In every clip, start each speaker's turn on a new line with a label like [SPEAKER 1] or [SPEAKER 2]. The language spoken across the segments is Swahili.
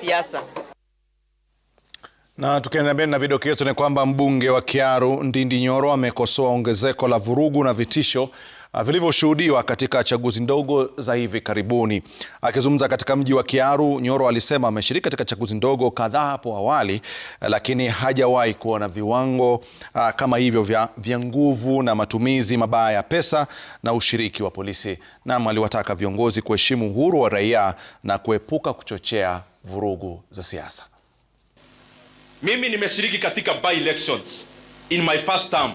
[SPEAKER 1] Siasa.
[SPEAKER 2] Na tukiendelea mbele na vidokezo ni kwamba mbunge wa Kiaru Ndindi Nyoro amekosoa ongezeko la vurugu na vitisho ah, vilivyoshuhudiwa katika chaguzi ndogo za hivi karibuni. Akizungumza katika mji wa Kiaru, Nyoro alisema ameshiriki katika chaguzi ndogo kadhaa hapo awali, eh, lakini hajawahi kuona viwango a, ah, kama hivyo vya, vya nguvu na matumizi mabaya ya pesa na ushiriki wa polisi. Naam, aliwataka viongozi kuheshimu uhuru wa raia na kuepuka kuchochea vurugu za siasa.
[SPEAKER 3] Mimi nimeshiriki katika by elections in my first term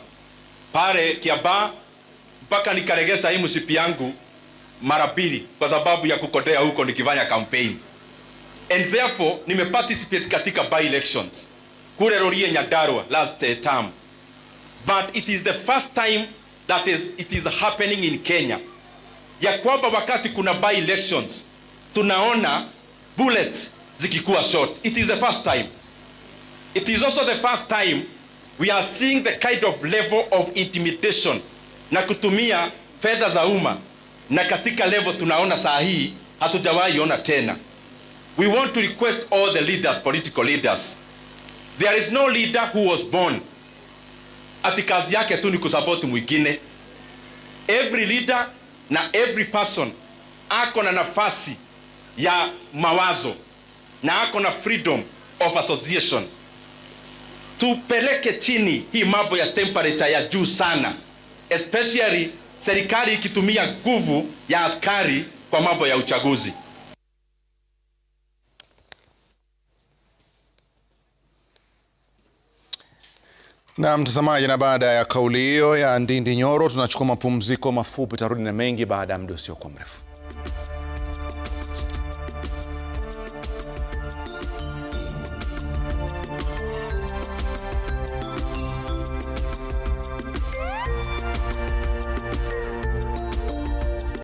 [SPEAKER 3] pale Kiaba mpaka nikaregesha hii msipi yangu mara mbili kwa sababu ya kukodea huko nikifanya campaign, and therefore participate katika by elections kule Rorie Nyandarua last eh, term, but it is the first time that is, it is happening in Kenya ya kwamba wakati kuna by elections tunaona bullets zikikuwa short. It is the first time. It is also the first time we are seeing the kind of level of intimidation na kutumia fedha za umma, na katika level tunaona saa hii hatujawahi ona tena. We want to request all the leaders, political leaders. There is no leader who was born ati kazi yake tu ni kusupport mwingine. Every leader na every person ako na nafasi ya mawazo na ako na freedom of association tupeleke chini hii mambo ya temperature ya juu sana, especially serikali ikitumia nguvu ya askari kwa mambo ya uchaguzi.
[SPEAKER 2] Na mtazamaji, na baada ya kauli hiyo ya Ndindi Nyoro, tunachukua mapumziko mafupi. Tarudi na mengi baada ya muda usiokuwa mrefu.